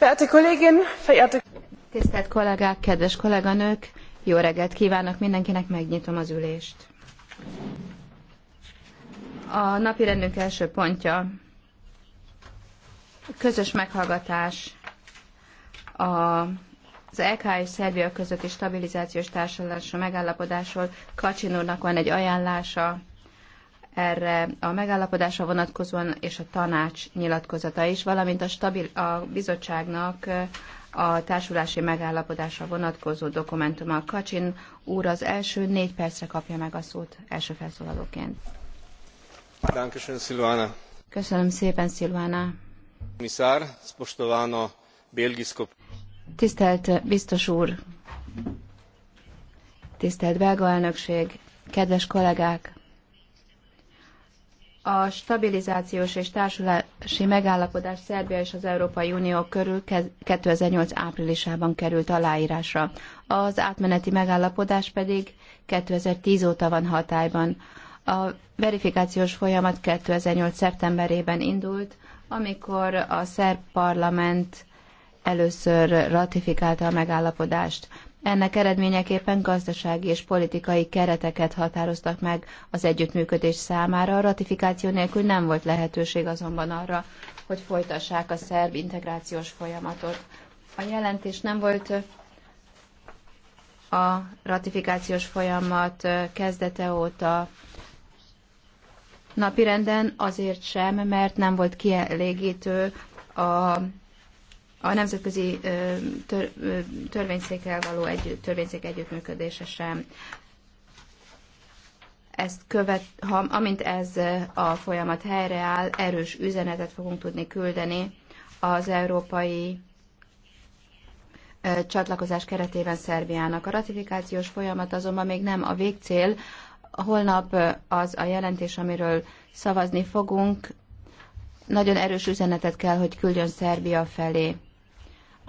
Verehrte Kollegin, verehrte... Tisztelt kollégák, kedves kolléganők, jó reggelt kívánok mindenkinek, megnyitom az ülést. A napi rendünk első pontja közös meghallgatás a az EK és Szerbia közötti stabilizációs társadalmi megállapodásról Kacsin úrnak van egy ajánlása, erre a megállapodásra vonatkozóan és a tanács nyilatkozata is, valamint a, stabil, a bizottságnak a társulási megállapodásra vonatkozó dokumentuma. Kacsin úr az első négy percre kapja meg a szót első felszólalóként. Köszönöm szépen, Szilvána. Komisár, spoštovano belgiszkop. Tisztelt biztos úr, tisztelt belga elnökség, kedves kollégák, a stabilizációs és társulási megállapodás Szerbia és az Európai Unió körül 2008 áprilisában került aláírásra. Az átmeneti megállapodás pedig 2010 óta van hatályban. A verifikációs folyamat 2008. szeptemberében indult, amikor a szerb parlament először ratifikálta a megállapodást. Ennek eredményeképpen gazdasági és politikai kereteket határoztak meg az együttműködés számára. A ratifikáció nélkül nem volt lehetőség azonban arra, hogy folytassák a szerb integrációs folyamatot. A jelentés nem volt a ratifikációs folyamat kezdete óta napirenden azért sem, mert nem volt kielégítő a a nemzetközi tör, törvényszékkel való egy, törvényszék együttműködése sem. Ezt követ, ha, amint ez a folyamat helyreáll, erős üzenetet fogunk tudni küldeni az európai csatlakozás keretében Szerbiának. A ratifikációs folyamat azonban még nem a végcél. Holnap az a jelentés, amiről szavazni fogunk, nagyon erős üzenetet kell, hogy küldjön Szerbia felé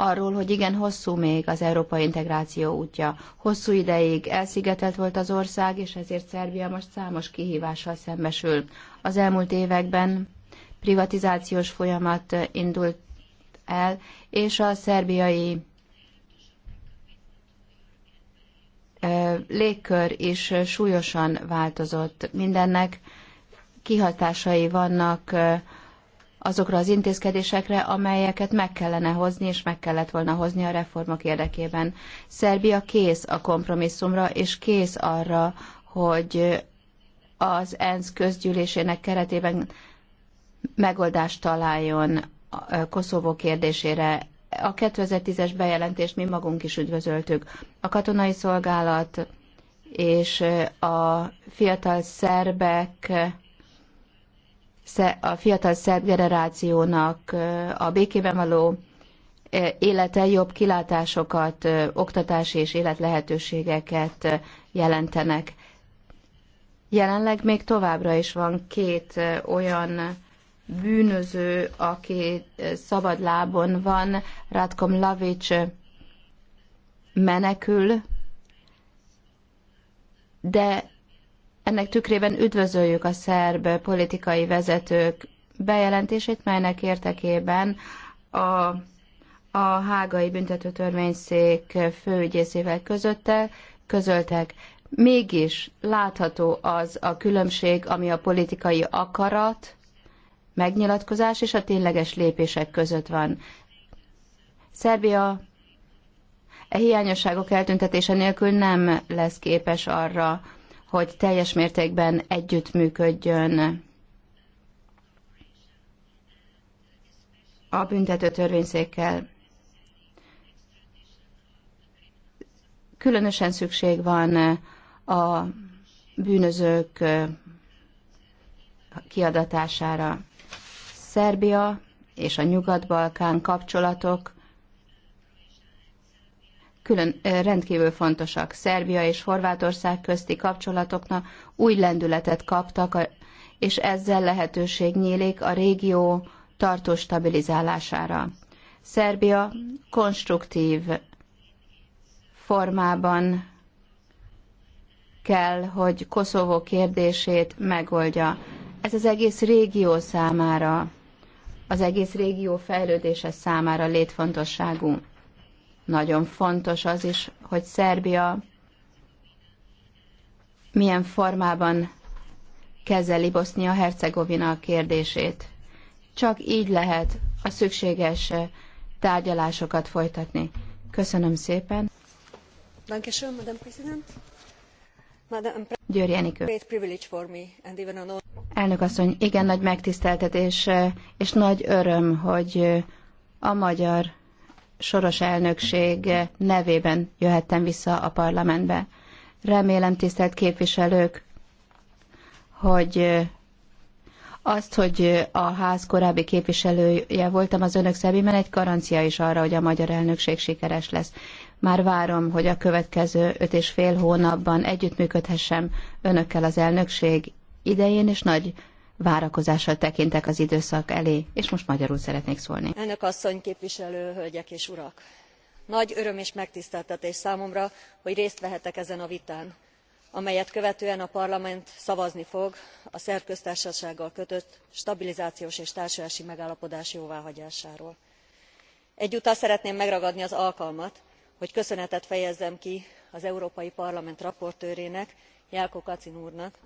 arról, hogy igen, hosszú még az európai integráció útja. Hosszú ideig elszigetelt volt az ország, és ezért Szerbia most számos kihívással szembesül. Az elmúlt években privatizációs folyamat indult el, és a szerbiai légkör is súlyosan változott. Mindennek kihatásai vannak azokra az intézkedésekre, amelyeket meg kellene hozni, és meg kellett volna hozni a reformok érdekében. Szerbia kész a kompromisszumra, és kész arra, hogy az ENSZ közgyűlésének keretében megoldást találjon Koszovó kérdésére. A 2010-es bejelentést mi magunk is üdvözöltük. A katonai szolgálat és a fiatal szerbek a fiatal szerb generációnak a békében való élete jobb kilátásokat, oktatási és életlehetőségeket jelentenek. Jelenleg még továbbra is van két olyan bűnöző, aki szabad lábon van, Rátkom Lavics menekül, de ennek tükrében üdvözöljük a szerb politikai vezetők bejelentését, melynek értekében a, a hágai büntetőtörvényszék főügyészével közötte, közöltek. Mégis látható az a különbség, ami a politikai akarat, megnyilatkozás és a tényleges lépések között van. Szerbia e hiányosságok eltüntetése nélkül nem lesz képes arra, hogy teljes mértékben együttműködjön a büntető törvényszékkel. Különösen szükség van a bűnözők kiadatására. Szerbia és a Nyugat-Balkán kapcsolatok külön rendkívül fontosak. Szerbia és Horvátország közti kapcsolatoknak új lendületet kaptak, és ezzel lehetőség nyílik a régió tartós stabilizálására. Szerbia konstruktív formában kell, hogy Koszovó kérdését megoldja. Ez az egész régió számára, az egész régió fejlődése számára létfontosságú. Nagyon fontos az is, hogy Szerbia milyen formában kezeli Bosznia-Hercegovina kérdését. Csak így lehet a szükséges tárgyalásokat folytatni. Köszönöm szépen. Dankeschön, Madam President. Enikő. Elnök asszony, igen nagy megtiszteltetés eh, és nagy öröm, hogy eh, a magyar soros elnökség nevében jöhettem vissza a parlamentbe. Remélem, tisztelt képviselők, hogy azt, hogy a ház korábbi képviselője voltam az önök szemében, egy garancia is arra, hogy a magyar elnökség sikeres lesz. Már várom, hogy a következő öt és fél hónapban együttműködhessem önökkel az elnökség idején, és nagy várakozással tekintek az időszak elé, és most magyarul szeretnék szólni. Elnök asszony, képviselő hölgyek és urak! Nagy öröm és megtiszteltetés számomra, hogy részt vehetek ezen a vitán, amelyet követően a parlament szavazni fog a szerb köztársasággal kötött stabilizációs és társulási megállapodás jóváhagyásáról. egyúttal szeretném megragadni az alkalmat hogy köszönetet fejezzem ki az európai parlament raportőrének jelko kacin úrnak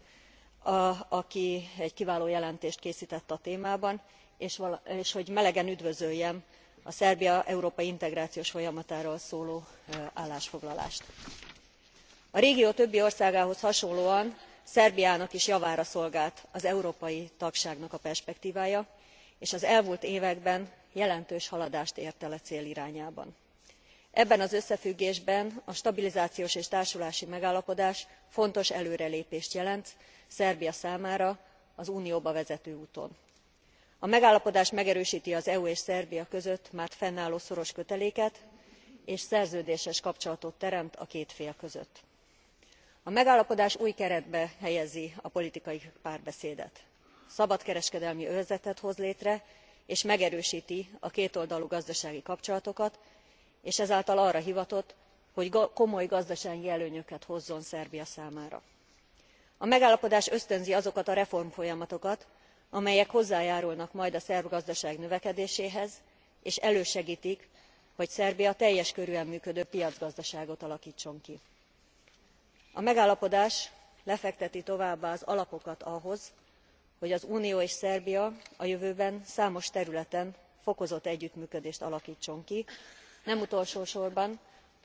aki egy kiváló jelentést késztett a témában és hogy melegen üdvözöljem a szerbia európai integrációs folyamatáról szóló állásfoglalást. a régió többi országához hasonlóan szerbiának is javára szolgált az európai tagságnak a perspektvája és az elmúlt években jelentős haladást ért el e cél irányában ebben az összefüggésben a stabilizációs és társulási megállapodás fontos előrelépést jelent szerbia számára az unióba vezető úton. a megállapodás megerősti az eu és szerbia között már fennálló szoros köteléket és szerződéses kapcsolatot teremt a két fél között. a megállapodás új keretbe helyezi a politikai párbeszédet szabadkereskedelmi övezetet hoz létre és megerősti a kétoldalú gazdasági kapcsolatokat és ezáltal arra hivatott hogy komoly gazdasági előnyöket hozzon szerbia számára. a megállapodás ösztönzi azokat a reformfolyamatokat amelyek hozzájárulnak majd a szerb gazdaság növekedéséhez és elősegtik hogy szerbia teljes körűen működő piacgazdaságot alaktson ki. a megállapodás lefekteti továbbá az alapokat ahhoz hogy az unió és szerbia a jövőben számos területen fokozott együttműködést alaktson ki nem sorban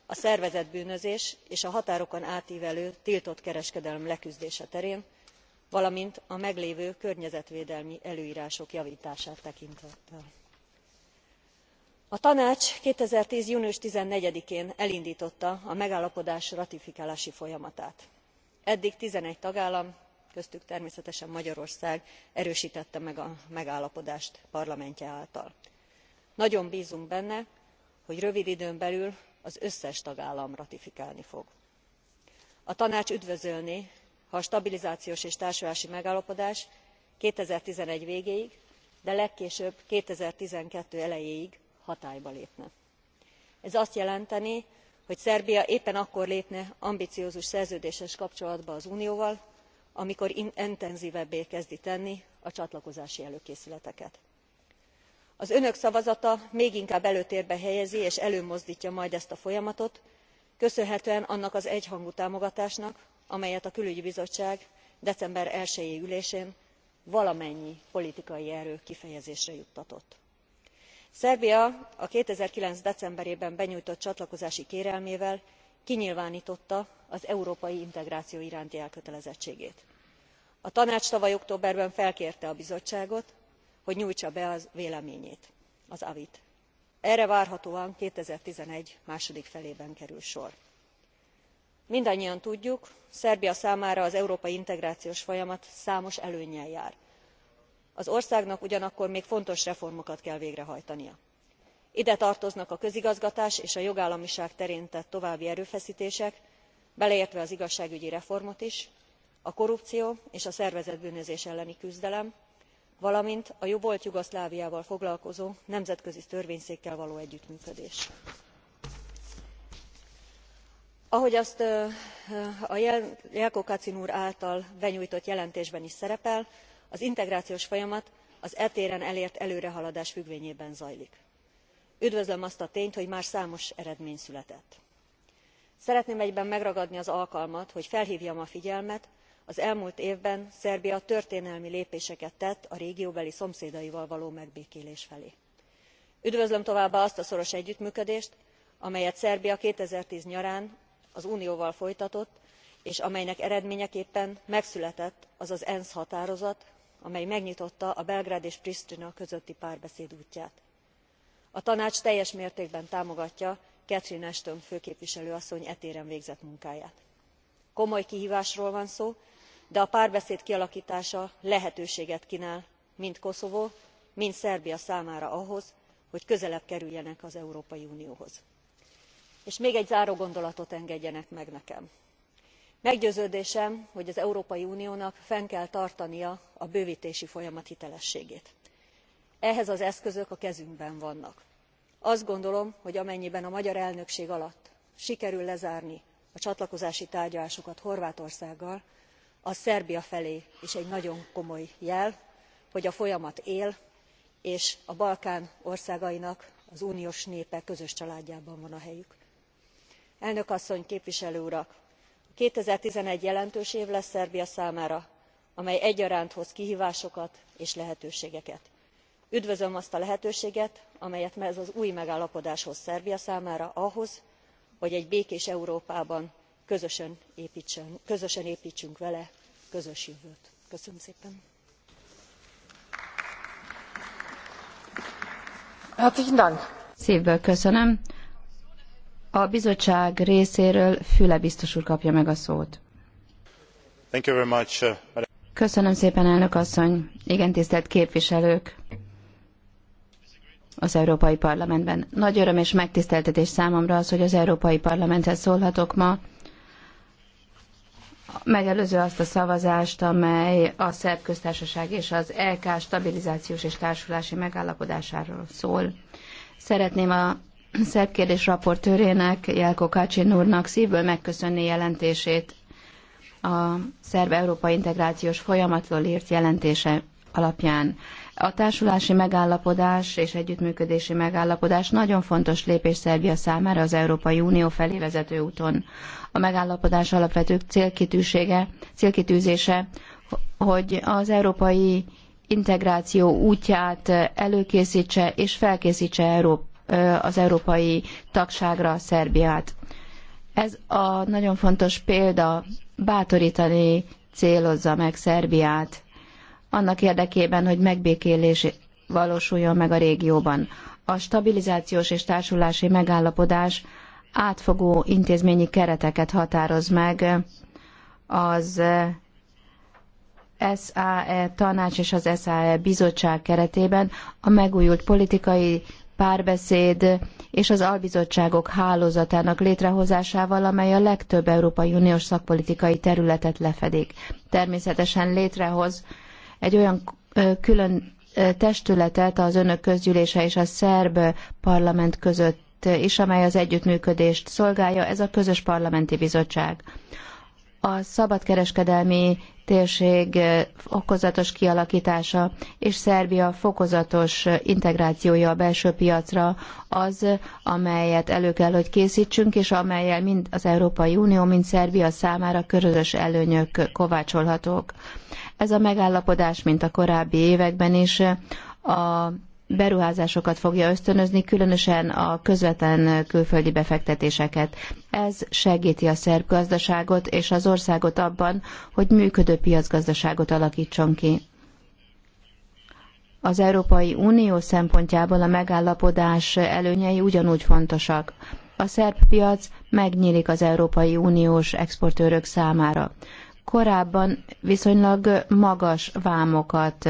a szervezett bűnözés és a határokon átvelő tiltott kereskedelem leküzdése terén valamint a meglévő környezetvédelmi előrások javtását tekintve. a tanács two thousand and ten június fourteen én elindtotta a megállapodás ratifikálási folyamatát. eddig eleven tagállam köztük természetesen magyarország erőstette meg a megállapodást parlamentje által. nagyon bzunk benne hogy rövid időn belül az összes tagállam ratifikálni fog. a tanács üdvözölné ha a stabilizációs és társulási megállapodás two thousand and eleven végéig de legkésőbb two thousand and twelve elejéig hatályba lépne. ez azt jelentené hogy szerbia éppen akkor lépne ambiciózus szerződéses kapcsolatba az unióval amikor intenzvebbé kezdi tenni a csatlakozási előkészületeket az önök szavazata még inkább előtérbe helyezi és előmozdtja majd ezt a folyamatot köszönhetően annak az egyhangú támogatásnak amelyet a külügyi bizottság december one i ülésén valamennyi politikai erő kifejezésre juttatott. szerbia a two thousand and nine decemberében benyújtott csatlakozási kérelmével kinyilvántotta az európai integráció iránti elkötelezettségét. a tanács tavaly októberben felkérte a bizottságot hogy nyújtsa be a véleményét az avit. erre várhatóan two thousand and eleven második felében kerül sor. mindannyian tudjuk szerbia számára az európai integrációs folyamat számos előnnyel jár az országnak ugyanakkor még fontos reformokat kell végrehajtania. ide tartoznak a közigazgatás és a jogállamiság terén tett további erőfesztések beleértve az igazságügyi reformot is a korrupció és a szervezett bűnözés elleni küzdelem valamint a jobbolt jugoszláviával foglalkozó nemzetközi törvényszékkel való együttműködés. ahogy azt a jelko kacin úr által benyújtott jelentésben is szerepel az integrációs folyamat az e téren elért előrehaladás függvényében zajlik. üdvözlöm azt a tényt hogy már számos eredmény született. szeretném egyben megragadni az alkalmat hogy felhvjam a figyelmet az elmúlt évben szerbia történelmi lépéseket tett a régióbeli szomszédaival való megbékélés felé. üdvözlöm továbbá azt a szoros együttműködést amelyet szerbia two thousand and ten nyarán az unióval folytatott és amelynek eredményeképpen megszületett az az ensz határozat amely megnyitotta a belgrád és pristina közötti párbeszéd útját. a tanács teljes mértékben támogatja catherine ashton főképviselő asszony e téren végzett munkáját. komoly kihvásról van szó de a párbeszéd kialaktása lehetőséget knál mind koszovó mind szerbia számára ahhoz hogy közelebb kerüljenek az európai unióhoz. és még egy záró gondolatot engedjenek meg nekem meggyőződésem hogy az európai uniónak fenn kell tartania a bővtési folyamat hitelességét. ehhez az eszközök a kezünkben vannak. azt gondolom hogy amennyiben a magyar elnökség alatt sikerül lezárni a csatlakozási tárgyalásokat horvátországgal az szerbia felé is egy nagyon komoly jel hogy a folyamat él és a balkán országainak az uniós népek közös családjában van a helyük. elnök asszony képviselő urak! two thousand and eleven jelentős év lesz szerbia számára amely egyaránt hoz kihvásokat és lehetőségeket. üdvözlöm azt a lehetőséget amelyet ez az új megállapodás hoz szerbia számára ahhoz hogy egy békés európában közösen éptsünk vele közös jövőt. köszönöm szépen! Hát szívből köszönöm. a bizottság részéről füle biztos úr kapja meg a szót. Uh, köszönöm szépen, elnök asszony. Igen, tisztelt képviselők az Európai Parlamentben. Nagy öröm és megtiszteltetés számomra az, hogy az Európai Parlamenthez szólhatok ma, megelőző azt a szavazást, amely a szerb köztársaság és az LK e stabilizációs és társulási megállapodásáról szól. Szeretném a szerb kérdés raportőrének, Jelko Kacsin úrnak szívből megköszönni jelentését a szerb európai integrációs folyamatról írt jelentése alapján. A társulási megállapodás és együttműködési megállapodás nagyon fontos lépés Szerbia számára az Európai Unió felé vezető úton. A megállapodás alapvető célkitűsége, célkitűzése, hogy az európai integráció útját előkészítse és felkészítse az európai tagságra Szerbiát. Ez a nagyon fontos példa bátorítani célozza meg Szerbiát annak érdekében, hogy megbékélés valósuljon meg a régióban. A stabilizációs és társulási megállapodás átfogó intézményi kereteket határoz meg az SAE tanács és az SAE bizottság keretében a megújult politikai párbeszéd és az albizottságok hálózatának létrehozásával, amely a legtöbb Európai Uniós szakpolitikai területet lefedik. Természetesen létrehoz egy olyan külön testületet az önök közgyűlése és a szerb parlament között is, amely az együttműködést szolgálja, ez a közös parlamenti bizottság a szabadkereskedelmi térség fokozatos kialakítása és Szerbia fokozatos integrációja a belső piacra az, amelyet elő kell, hogy készítsünk, és amelyel mind az Európai Unió, mind Szerbia számára körözös előnyök kovácsolhatók. Ez a megállapodás, mint a korábbi években is, a beruházásokat fogja ösztönözni, különösen a közvetlen külföldi befektetéseket. Ez segíti a szerb gazdaságot és az országot abban, hogy működő piacgazdaságot alakítson ki. Az Európai Unió szempontjából a megállapodás előnyei ugyanúgy fontosak. A szerb piac megnyílik az Európai Uniós exportőrök számára. Korábban viszonylag magas vámokat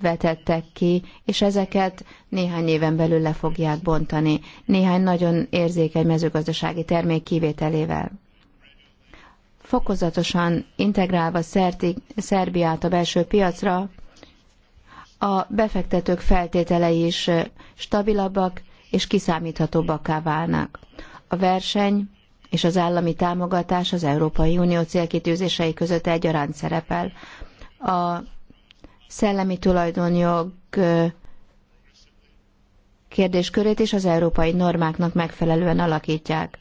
vetettek ki, és ezeket néhány éven belül le fogják bontani, néhány nagyon érzékeny mezőgazdasági termék kivételével. Fokozatosan integrálva Szerti, Szerbiát a belső piacra, a befektetők feltételei is stabilabbak és kiszámíthatóbbaká válnak. A verseny és az állami támogatás az Európai Unió célkitűzései között egyaránt szerepel. A szellemi tulajdonjog kérdéskörét és az európai normáknak megfelelően alakítják.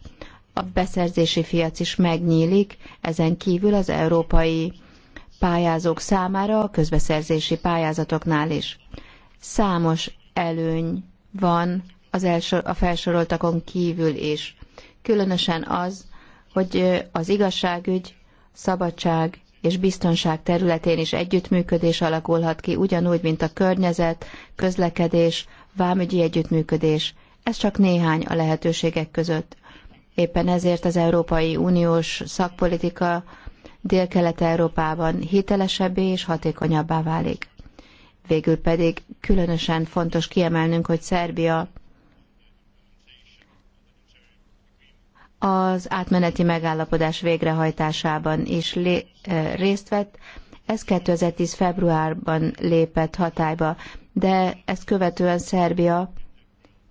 A beszerzési fiac is megnyílik, ezen kívül az európai pályázók számára a közbeszerzési pályázatoknál is. Számos előny van az első, a felsoroltakon kívül is. Különösen az, hogy az igazságügy, szabadság és biztonság területén is együttműködés alakulhat ki, ugyanúgy, mint a környezet, közlekedés, vámügyi együttműködés. Ez csak néhány a lehetőségek között. Éppen ezért az Európai Uniós szakpolitika Dél-Kelet-Európában hitelesebbé és hatékonyabbá válik. Végül pedig különösen fontos kiemelnünk, hogy Szerbia az átmeneti megállapodás végrehajtásában is lé, részt vett. Ez 2010. februárban lépett hatályba, de ezt követően Szerbia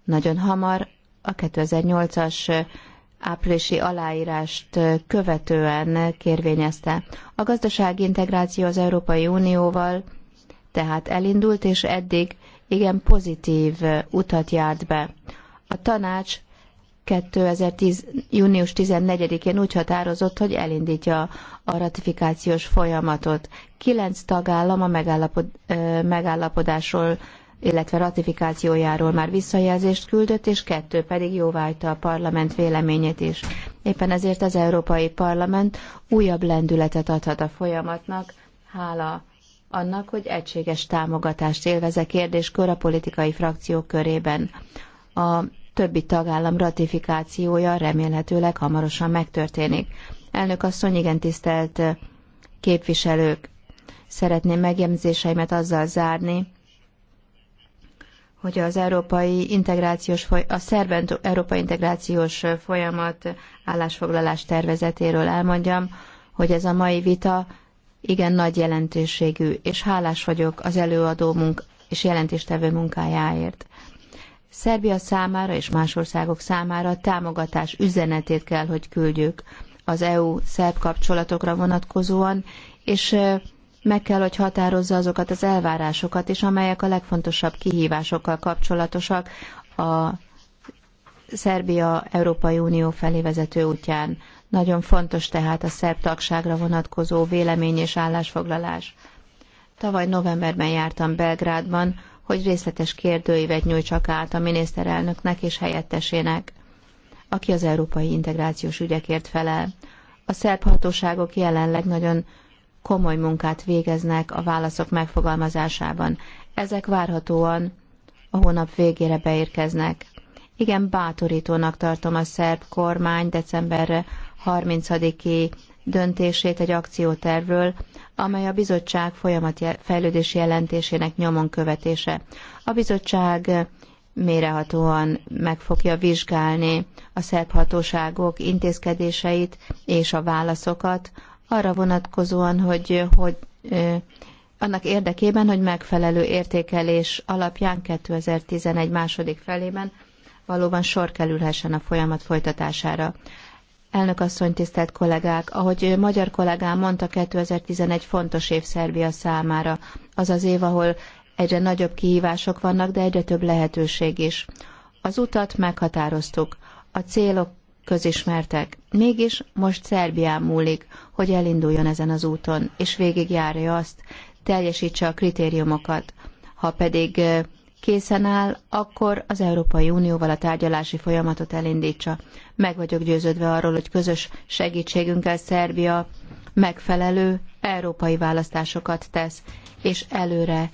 nagyon hamar a 2008-as áprilisi aláírást követően kérvényezte. A gazdasági integráció az Európai Unióval tehát elindult, és eddig igen pozitív utat járt be. A tanács 2010. június 14-én úgy határozott, hogy elindítja a ratifikációs folyamatot. Kilenc tagállam a megállapod, megállapodásról, illetve ratifikációjáról már visszajelzést küldött, és kettő pedig jóváhagyta a parlament véleményét is. Éppen ezért az Európai Parlament újabb lendületet adhat a folyamatnak, hála annak, hogy egységes támogatást élvez a e kérdéskör a politikai frakciók körében. A többi tagállam ratifikációja remélhetőleg hamarosan megtörténik. Elnök asszony, igen tisztelt képviselők, szeretném megjegyzéseimet azzal zárni, hogy az európai integrációs, a szerb európai integrációs folyamat állásfoglalás tervezetéről elmondjam, hogy ez a mai vita igen nagy jelentőségű, és hálás vagyok az előadó munk és jelentéstevő munkájáért. Szerbia számára és más országok számára támogatás üzenetét kell, hogy küldjük az EU-szerb kapcsolatokra vonatkozóan, és meg kell, hogy határozza azokat az elvárásokat is, amelyek a legfontosabb kihívásokkal kapcsolatosak a Szerbia Európai Unió felé vezető útján. Nagyon fontos tehát a szerb tagságra vonatkozó vélemény és állásfoglalás. Tavaly novemberben jártam Belgrádban, hogy részletes kérdőívet nyújtsak át a miniszterelnöknek és helyettesének, aki az európai integrációs ügyekért felel. A szerb hatóságok jelenleg nagyon komoly munkát végeznek a válaszok megfogalmazásában. Ezek várhatóan a hónap végére beérkeznek. Igen, bátorítónak tartom a szerb kormány decemberre 30-i döntését egy akciótervről, amely a bizottság fejlődési jelentésének nyomon követése. A bizottság mérehatóan meg fogja vizsgálni a szerb hatóságok intézkedéseit és a válaszokat arra vonatkozóan, hogy, hogy annak érdekében, hogy megfelelő értékelés alapján 2011 második felében valóban sor kerülhessen a folyamat folytatására. Elnök asszony, tisztelt kollégák! Ahogy magyar kollégám mondta, 2011 fontos év Szerbia számára. Az az év, ahol egyre nagyobb kihívások vannak, de egyre több lehetőség is. Az utat meghatároztuk, a célok közismertek. Mégis most Szerbián múlik, hogy elinduljon ezen az úton, és végigjárja azt, teljesítse a kritériumokat. Ha pedig eh, készen áll, akkor az Európai Unióval a tárgyalási folyamatot elindítsa. Meg vagyok győződve arról, hogy közös segítségünkkel Szerbia megfelelő európai választásokat tesz, és előre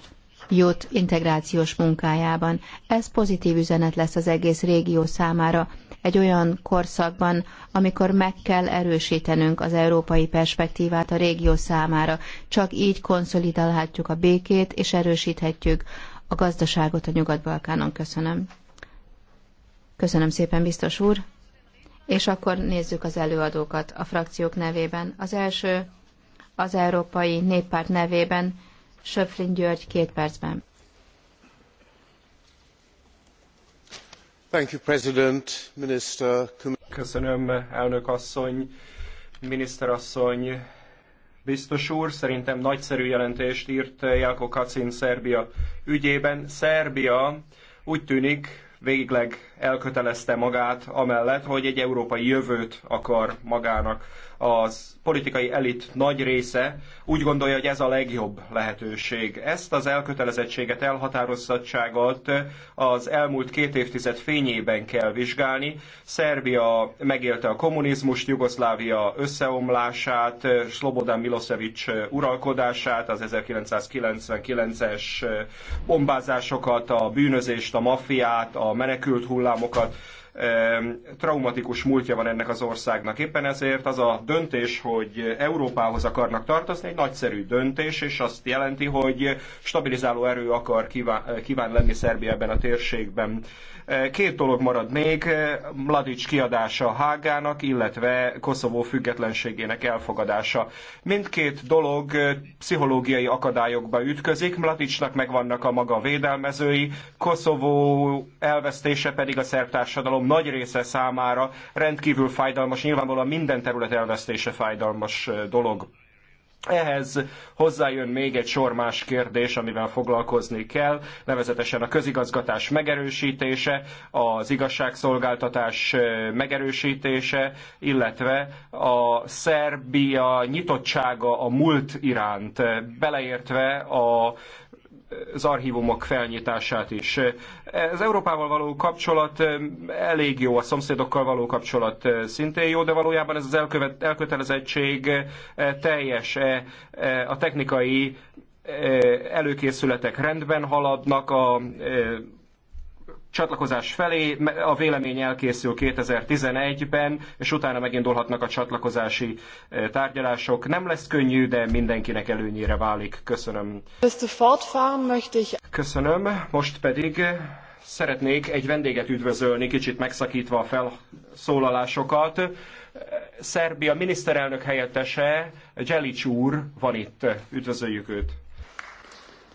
jut integrációs munkájában. Ez pozitív üzenet lesz az egész régió számára, egy olyan korszakban, amikor meg kell erősítenünk az európai perspektívát a régió számára. Csak így konszolidálhatjuk a békét, és erősíthetjük a gazdaságot a Nyugat-Balkánon. Köszönöm. Köszönöm szépen, biztos úr. És akkor nézzük az előadókat a frakciók nevében. Az első az Európai Néppárt nevében Söflin György két percben. Thank you, President, Minister. Köszönöm, elnök asszony, miniszter asszony, biztos úr. Szerintem nagyszerű jelentést írt Jelko Kacin Szerbia ügyében. Szerbia úgy tűnik végleg elkötelezte magát amellett, hogy egy európai jövőt akar magának. Az politikai elit nagy része úgy gondolja, hogy ez a legjobb lehetőség. Ezt az elkötelezettséget, elhatározottságot az elmúlt két évtized fényében kell vizsgálni. Szerbia megélte a kommunizmust, Jugoszlávia összeomlását, Slobodan Milosevic uralkodását, az 1999-es bombázásokat, a bűnözést, a maffiát, a menekült hullámokat traumatikus múltja van ennek az országnak. Éppen ezért az a döntés, hogy Európához akarnak tartozni, egy nagyszerű döntés, és azt jelenti, hogy stabilizáló erő akar kíván, kíván lenni Szerbia ebben a térségben. Két dolog marad még, Mladic kiadása Hágának, illetve Koszovó függetlenségének elfogadása. Mindkét dolog pszichológiai akadályokba ütközik, Mladicnak megvannak a maga védelmezői, Koszovó elvesztése pedig a szerb társadalom társadalom nagy része számára rendkívül fájdalmas, nyilvánvalóan minden terület elvesztése fájdalmas dolog. Ehhez hozzájön még egy sor más kérdés, amivel foglalkozni kell, nevezetesen a közigazgatás megerősítése, az igazságszolgáltatás megerősítése, illetve a Szerbia nyitottsága a múlt iránt, beleértve a az archívumok felnyitását is. Az Európával való kapcsolat elég jó, a szomszédokkal való kapcsolat szintén jó, de valójában ez az elkövet, elkötelezettség eh, teljes. Eh, eh, a technikai előkészületek rendben haladnak, a csatlakozás felé, a vélemény elkészül 2011-ben, és utána megindulhatnak a csatlakozási eh, tárgyalások. Nem lesz könnyű, de mindenkinek előnyére válik. Köszönöm. Köszönöm. Most pedig eh, szeretnék egy vendéget üdvözölni, kicsit megszakítva a felszólalásokat. Eh, Szerbia miniszterelnök helyettese, Jelic úr van itt. Üdvözöljük őt.